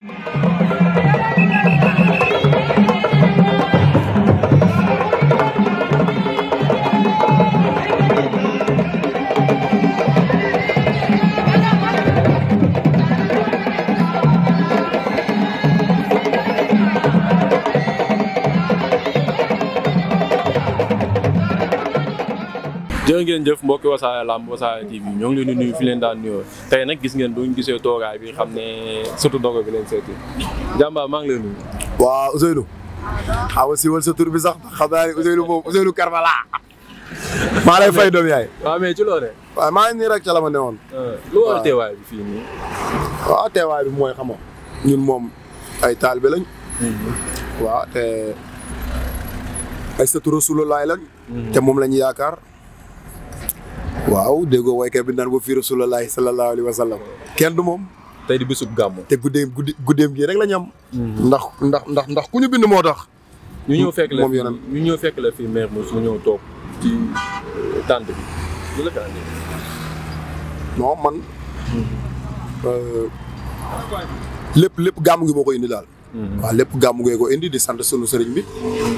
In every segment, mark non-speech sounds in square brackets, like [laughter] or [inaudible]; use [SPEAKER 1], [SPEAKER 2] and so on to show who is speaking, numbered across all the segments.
[SPEAKER 1] you ngeen jëf mbokki wasaare làmb wasaare TV ñoo ngi leen di nuyu fi leen daan nuyoo tey nag gis ngeen buñ gisee toogaay bi xam ne surtout ndogo bi leen seeti jàmbaar maa ngi leen nuyu. waaw Ousseynou xaw ah, ma siiwal sa tur bi sax xam naa ne Ousseynou moom Ousseynou Karbala maa lay fay doom yaay. waaw mais ci loone waaw maa ngi nii rek ca la ma newoon. Euh, lu war teewaay bi fii nii. waaw teewaay bi mooy xam ñun moom ay taalibe lañ. Mm-hmm. waaw te ay sëtu Rasulullah lañ. Mm-hmm. te moom la ñu yaakaar. waaw déggoo waykat bi naan ba fii rasulallaahi salallaahu alayhi wa sallam kenn du moom tey di bésub gàmmu te guddeem guddi guddeem gi rek la ñu am mhm. ndax ndax ndax ndax ku ñu bind moo tax ñu ñëw fekk la moom yoonam ñu ñëw fekk la fii maire mos nga ñëw toog ci euh, tànt bi lu man mhm. euh, lépp lépp gàmmu ngi boo ko indi daal mhm. waaw lépp gàmmu ngee ko indi di sant sunu sëriñ bi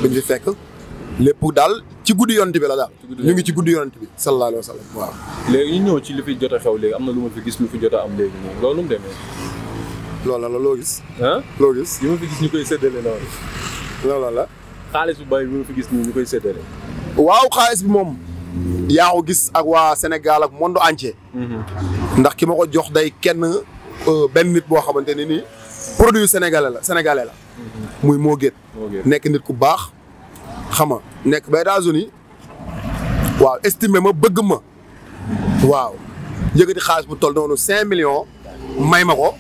[SPEAKER 1] biñ fi fekk lépp daal ci guddi yonent bi la daal. ñu ngi ci guddi yonent bi sallallahu waaw. léegi ñu ñëw ci li fi jot a xew léegi am na lu ma fi gis lu fi jot a am léegi nii loolu mu demee. loolu la loo gis. ah gis. li ma fi gis ñu koy séddale noonu. loolu la. xaalis bu bari bi ma fi gis nii ñu koy séddale. waaw xaalis bi moom. yaa ko gis ak waa Sénégal ak monde entier. Mhm. ndax ki ma ko jox day kenn euh, benn nit boo xamante ne nii. produit sénégalais la sénégalais la. Mhm. muy Mo Gates. nekk nit ku baax. xama nekk ba États-Unis waaw estimé ma bëgg ma waaw yëkkati xaalis bu toll noonu cinq millions may ma ko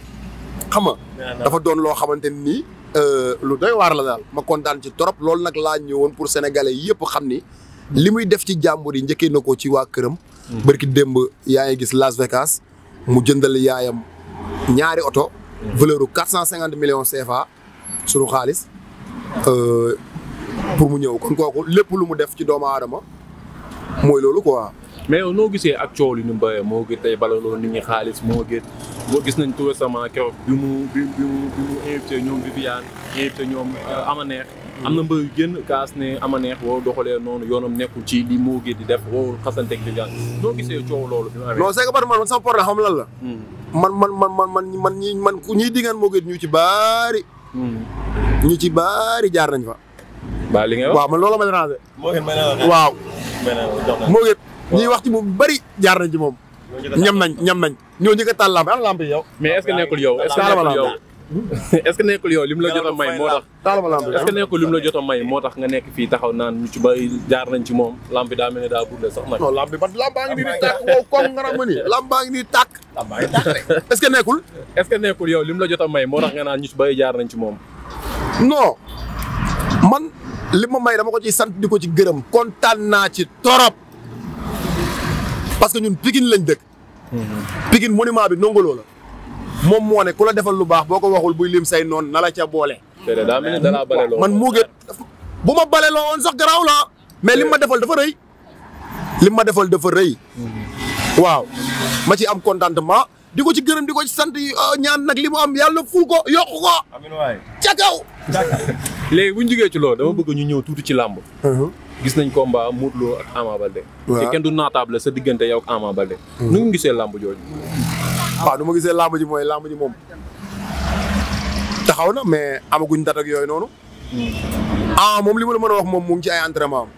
[SPEAKER 1] xam nga dafa doon loo xamante ni euh, lu doy waar la daal ma kontaan ci trop loolu nag laa ñëwoon pour sénégalais yëpp xam ni li muy def ci jàmbur yi njëkkee na ko ci waa këram. Hmm. bërki démb yaa ngi gis Las Vegas mu jëndal yaayam ñaari oto. Hmm. valeur bu quatre cent cinquante millions CFA sunu xaalis. Euh, pour mu ñëw kon kooku lépp lu mu def ci doomu aadama mooy loolu ko quoi. mais noo gisee ak coow li ñu bëree moo gis tey balaloo nit ñi xaalis moo gis moo gis nañ tout récemment keroog bi mu bi mu bi mu invité ñoom Viviane euh, mm-hmm. am na mbër yu génn kaas ne ama Amaneex warul doxalee noonu yoonam nekkul ci li mu gis di def warul xasante ak Viviane noo gisee coow loolu. bi mu amee non c'est man sama problème xam lan la. Mm-hmm. man man man man man man ñi man ku ñuy digaan moo gis ñu ci baari. Mm-hmm. ñu ci baari jaar nañ fa. waaw li nga wax man loolu ma déranger. moo gën waaw. moo gën ñuy wax ci moom bari jaar nañ ci moom. ñam nañ ñam nañ ñoo njëkk a taal lamp yow. mais est que nekkul yow est-ce que nekkul yow. est-ce que lim la jot a may moo tax. taalama lamp est-ce que nekkul la jot may moo tax nga nekk fii taxaw naan ñu ci bari jaar nañ ci moom lamp bi daa mel ne daa burle sax nag. non lamp baa ngi nii di baa ngi nii tàkk. lamp [laughs] nekkul. est-ce que nekkul yow la jot a may moo tax nga naan ñu ci bari jaar nañ ci moom. non man li ma may dama ko ci sant di ko ci gërëm kontaan naa ci torop parce que ñun pikin lañ dëkk. Pikine monument bi nongoloo la. moom moone ku la defal lu baax boo ko waxul buy lim say noon na la ca boole. man mu ngi bu ma bale woon sax garaaw la mais lim ma defal dafa rëy. lim ma defal dafa rëy. waaw ma ci am contentement di ko ci gërëm di ko ci sant euh, ñaan nag li mu am yàlla ful ko yokk ko. amiin léegi bu ñu jugee ci loolu dama bëgg ñu ñëw tuuti ci làmb uh-huh. gis nañ combat Modou Lo ak Ama Baldé te kenn du naataable sa diggante yow ak Ama Baldé nu uh-huh. nga gisee làmb jooju waaw ah, nu ma gisee làmb ji mooy làmb ji moom taxaw na mais amaguñ dat ak yooyu noonu hmm. ah moom li ma la mën a wax moom mu ngi ci ay entraînement am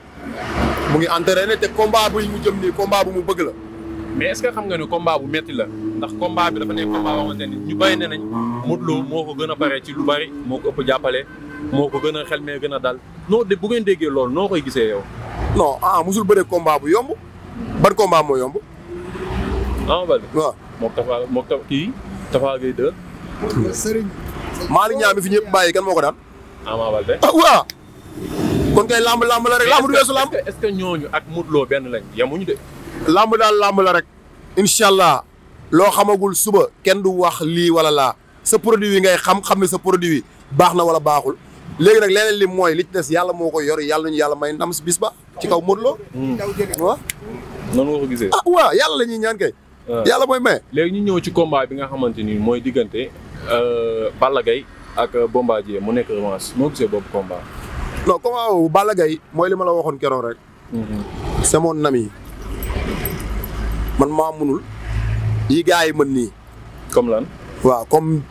[SPEAKER 1] mu ngi entraîné te combat bu mu jëm nii combat bu mu bëgg la mais est ce que xam nga ni combat bu metti la ndax combat bi dafa nekk combat boo xamante ñu bàyyi ne nañ moo ko gën a bare ci lu bari moo ko jàppale moo ko gën a xel mee gën a dal noo de bu ngeen déggee loolu noo koy gisee yow. non ah musul bëre combat bu yomb ban combat moo yomb. ah Baldé moo ko daan. Ah, Ama Baldé ah kon kay lamb lamb la rek lamb du weesu lamb. est ñooñu ak Modou benn lañ yemuñu de. làmb daal làmb la rek incha allah loo xamagul suba kenn du wax lii wala laa sa produit yi ngay xam xam ne sa produit baax na wala baaxul léegi nag leneen li mooy li ci des yàlla moo ko yor yàlla nañu yàlla may ndam si bis ba ci kaw Modou Lo. Hmm. Ah, waaw. yàlla la ñuy ñaan ah. yàlla mooy may. léegi ñu ñëw ci combat bi nga xamante ni mooy diggante euh, Balla gay ak Bombardier mu nekk revanche moo gisee boobu combat. non combat boobu Balla Gaye mooy li ma la waxoon keroon rek. Hmm. c'est mon ami. man maa munul yi gars yi mën nii. comme lan. waaw comme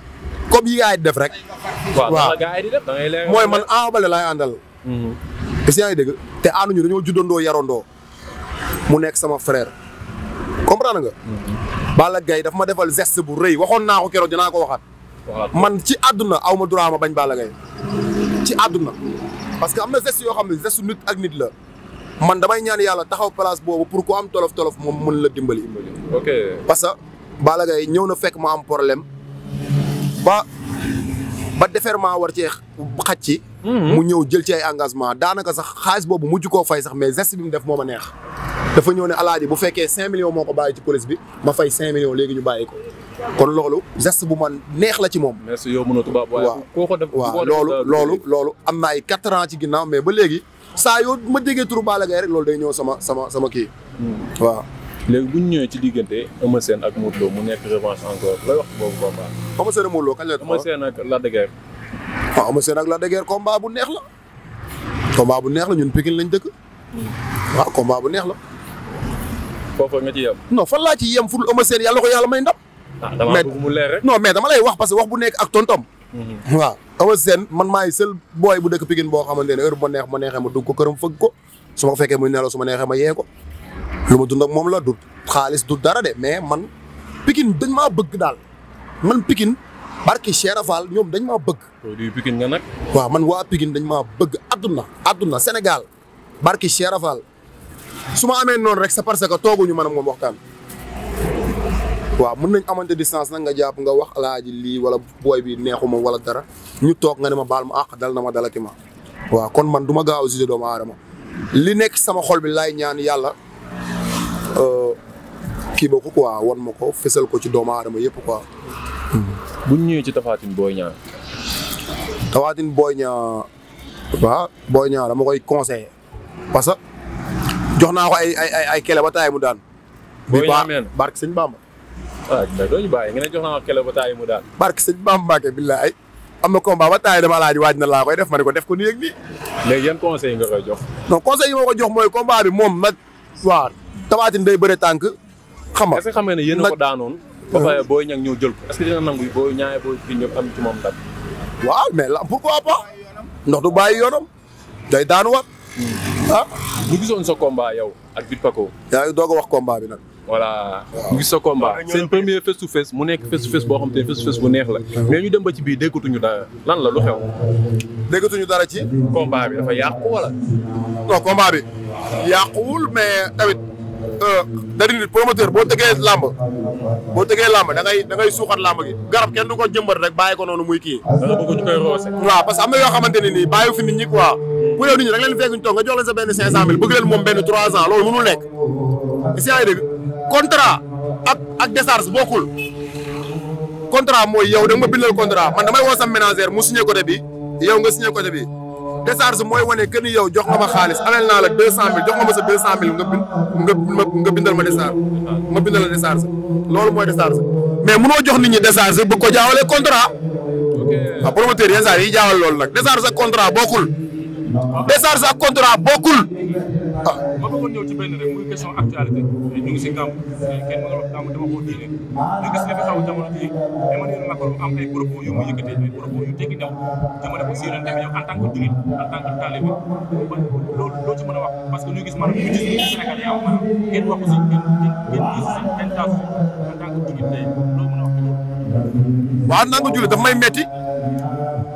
[SPEAKER 1] comme yi yi def rek. waaw gars yi di def mooy man Ama Baldé laay àndal. Mhm. est-ce que yaa ngi dégg te ànduñu dañoo juddandoo yarandoo mu nekk sama frère comprendre nga. Mhm. Balla Gaye daf ma defal geste bu rëy waxoon naa ko keroog dinaa ko waxaat. man ci àdduna aw ma duraama ma bañ Balla Gaye ci àdduna parce que am na geste yoo xam ne geste nit ak nit la. man damay ñaan yàlla taxaw place boobu pour ku am tolof tolof moom mën la dimbali. ok parce que Balla Gaye ñëw na fekk ma am problème ba ba déferment war cee xaj ci. Mhm. mu ñëw jël ci ay engagement daanaka sax xaalis boobu mujj koo fay sax mais geste bi mu def moo a neex. dafa ñëw ne alaaji bu fekkee 5 millions moo ko bàyyi ci police bi ma fay 5 millions léegi ñu bàyyi ko kon loolu geste bu man neex la ci moom. merci yow mënatu ba waaw waaw loolu loolu loolu am na ay 4 ans ci ginnaaw mais ba léegi. saa yoo ma déggee turu Balla Gaye rek loolu day ñëw sama sama sama kii. Hmm. waaw. léegi bu ñu ñëwee ci diggante Eumeu Sène ak Modou mu nekk revanche encore lay wax boobu combat. Eumeu Sène ak Modou Lo kañ la. Eumeu Sène ak Lac de Guiers. Ah, bu neex la. combat bu neex la ñun Pikine lañ dëkk. waaw hmm. ah, combat bu neex la. foofu nga ci yem. non fan laa ci yem ful Eumeu Sène yàlla ko yàlla may ndam. ah mu leer rek. non mais dama lay wax parce que wax bu nekk ak tontom. Mm-hmm. waaw Eumeu Sène man maay sel booy bu dëkk Pikine boo xamante ne heure bu ma neex ma neexee ma dugg ko këram fëgg ko su ma ko fekkee muy nelaw su ma neexee ma yee ko lu ma dund ak moom la du xaalis du dara de mais man Pikine dañ maa bëgg daal man Pikine barki Cheikh Fall ñoom dañ ma bëgg. produit Pikine nga nag. waaw man waa pikin dañ ma bëgg adduna adduna Sénégal barki Cheikh Fall su ma amee noonu rek c'est parce que tooguñu man ak moom waxtaan. waaw mën nañ amante distance nag nga jàpp nga wax alaaji lii wala booy bi neexuma wala dara ñu toog nga ne ma baal ma àq dal na ma dalati ma waaw kon man duma ma gaaw si doomu aadama li nekk sama xol bi laay ñaan yàlla euh, kii ba ko waa wan ma ko fësal ko ci doomu aadama yëpp quoi. bu ñu ñëwee ci Tafatine Boy Niang. Tafatine Boy Niang waaw Boy Niang koy conseillé parce que jox naa ko ay ay ay kele ba taay mu daan. Boy Niang bi barke sëñ Bamba waaw mais doo ñu bàyyi nga ne jox naa ko kele ba taay mu daal. barke sëñ Bamba Mbacke billaay am na combat ba taay dama laaj waaj na laa koy def ma ne ko def ko nii ak nii. léegi yan conseil nga koy jox. non conseil yi ko jox mooy combat bi moom nag. waaw tabaatin day bëre tànk xam nga. que xam nga ne yéen a ko daanoon. ba pare euh. booy ña ñëw jël ko est ñaay booy fii ñëpp am ci moom waaw mais la pourquoi pas ndox du bàyyi yoonam day daan war. Hmm. ah gisoon sa combat yow ak Bit Paco. yaa ngi doog a wax combat bi nag. voilà mu gis sa combat seen premier face to face mu nekk face to face boo xam ne face to face bu neex la mais ñu dem ba ci biir déggatuñu dara lan la lu xew déggatuñu dara ci combat bi dafa yàqu wala non combat bi yàquwul mais tamit euh, dari promoteur boo tëggee làmb boo tëggee làmb da ngay da ngay suuxat làmb gi garab kenn du ko jëmbat rek bàyyi ko noonu muy kii danga bëgg ñu koy roose waaw parce que am na yoo xamante ne nii bàyyi fi nit ñi quoi bu yow ñi da nga leen fekk ñu toog nga jox leen sa benn cinq cent mille bëgg leen moom benn trois ans loolu mënul contrat ak ak décharge bokkul contrat mooy yow da nga ma bindal contrat man may woo sa ménagère mu signé côté bi yow nga signé côté bi décharge mooy wane que ni yow jox nga ma xaalis amel naa la deux cent mille jox ma sa deux cent mille nga bindal ma décharge ma bindal la loolu mooy décharge mais munoo jox nit ñi décharge bu ko jaawalee contrat. waaw ah, promoteur yenn saa yi jaawal loolu nag décharge ak contrat bokkul décharge ak contrat bokkul ah. sama actualité ñu ngi si gàmm kenn mënul wax gàmm dama ko diine ñu gis li fi xaw jamono ji Emmanuel Macron am ay propos yu mu yëkkatee ay propos yu teggi daw jamono ko si yoon tamit yow en tant que jullit en tant que talibé loolu loo ci mën a wax parce que ñu gis maanaam ñu gis Sénégal yaa maanaam kenn waxu si kenn kenn gis si kenn taasu en tant que jullit tey loo mën a wax waaw naa ko jullit daf may metti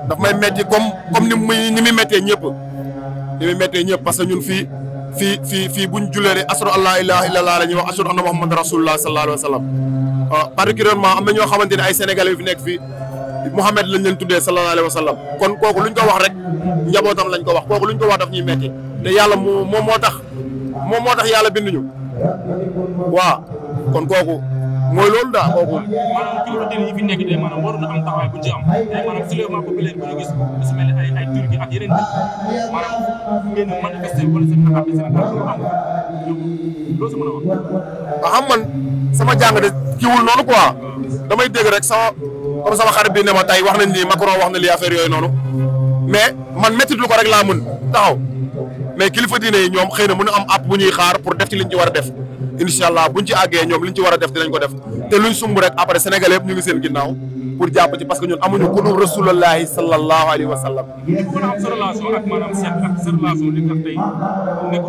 [SPEAKER 1] daf may metti comme comme ni muy ni muy méttee ñëpp ni muy méttee ñëpp parce que ñun fii fii fii fii buñ julee rek ashadu an laa ilaaha illallah la ñuy wax ashadu anna muhammad rasulullah sallallahu alayhi wa sallam ah, particulièrement am na ñoo xamante ne ay sénégalais yu fi nekk fii Mouhamed lañ leen tuddee sallallahu alayhi wa kon kooku luñ ko wax rek njabootam lañ ko wax kooku luñ ko wax daf ñuy metti te yàlla moom moo tax moom moo tax yàlla binduñu waaw kon kooku mooy loolu daal kooku. maanaam autorité yi fi nekk tey maanaam waroon na am taxawaay bu a wax. Ah, xam man sama jàng de noonu quoi damay dégg rek sama comme sama xarit bi ma tey wax nañ lii Macron wax na li affaire yooyu noonu mais man métti lu ko rek laa taxaw mais kilifa diine ñoom xëy na mën am app bu ñuy xaar pour def ci liñ ci war a def. incha allah buñ ci àggee ñoom liñ ci war a def dinañ ko def te luñ sumb rek après Sénégal yëpp ñu ngi seen ginnaaw pour jàpp ci parce que ñun amuñu ku dul rasulullahi sallallahu alayhi wa sallam. kon am sa relation ak maanaam Cheikh ak sa relation li xam na ni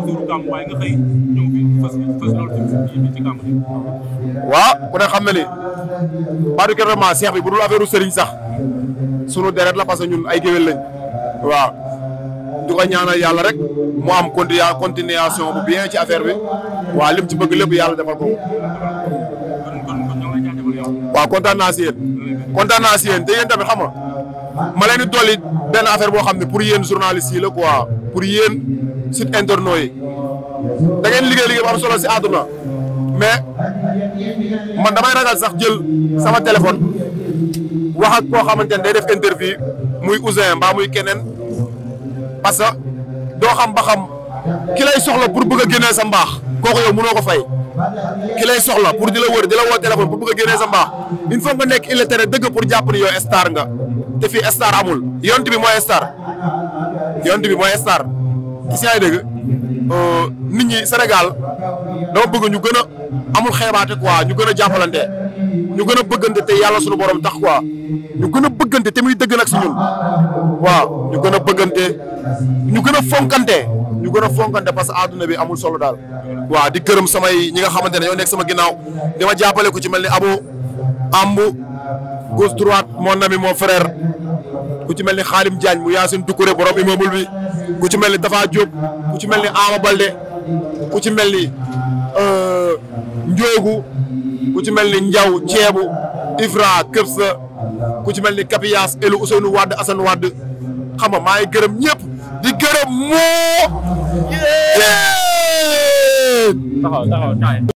[SPEAKER 1] particulièrement Cheikh bi bu dul affaire u sëriñ sax sunu deret la parce que ñun ay géwél lañ di ko ñaanal yàlla rek mu am conti continuation bu bien ci affaire bi waa lépp ci bëgg lépp yàlla defal ko. waa kontaan naa si te yéen tamit xam nga ma leen di dolli benn affaire boo xam ne pour yéen journaliste yi la quoi pour yéen site internet yi da ngeen liggéey liggéey bu am solo si àdduna mais man damay ragal sax jël sama téléphone wax ak koo xamante ne day def interview muy Ousin mbaa muy keneen. parce que doo xam baxam xam ki lay soxla pour bëgg a génnee sa mbaax kooku yow mënoo ko fay ki soxla pour di la wër di la woo téléphone pour bëgg a génnee sa mbaax il faut nga nekk illettré dëgg pour jàpp ni yow star nga te fii star amul yont bi mooy star yont bi mooy star gis nga dégg euh, nit ñi Sénégal dama bëgg ñu gën a amul xeebaate quoi ñu gën a jàppalante. ñu gën a bëggante te yàlla suñu borom tax quoi ñu gën a bëggante te muy dëgg nag si ñun waaw ñu gën a bëggante ñu gën a fonkante ñu gën a fonkante parce que adduna bi amul solo daal. waaw di gërëm samay ñi nga xamante ne ñoo nekk sama ginnaaw dama jàppale ku ci mel ni Abo Ambu gauche droite mon ami mon frère ku ci mel ni Xaalim Diagne mu Yaasin Dukure borom immeuble bi ku ci mel ni Tafa Diop ku ci mel ni Ama Balde ku ci mel ni euh, Ndiogu. ku ci mel ni Ndiaw ceebu Ifra Këbsa ku ci mel ni Kapiyaas Elu Ousseynou Wade Assane Wade xam nga maa ngi gërëm di gërëm moo. taxaw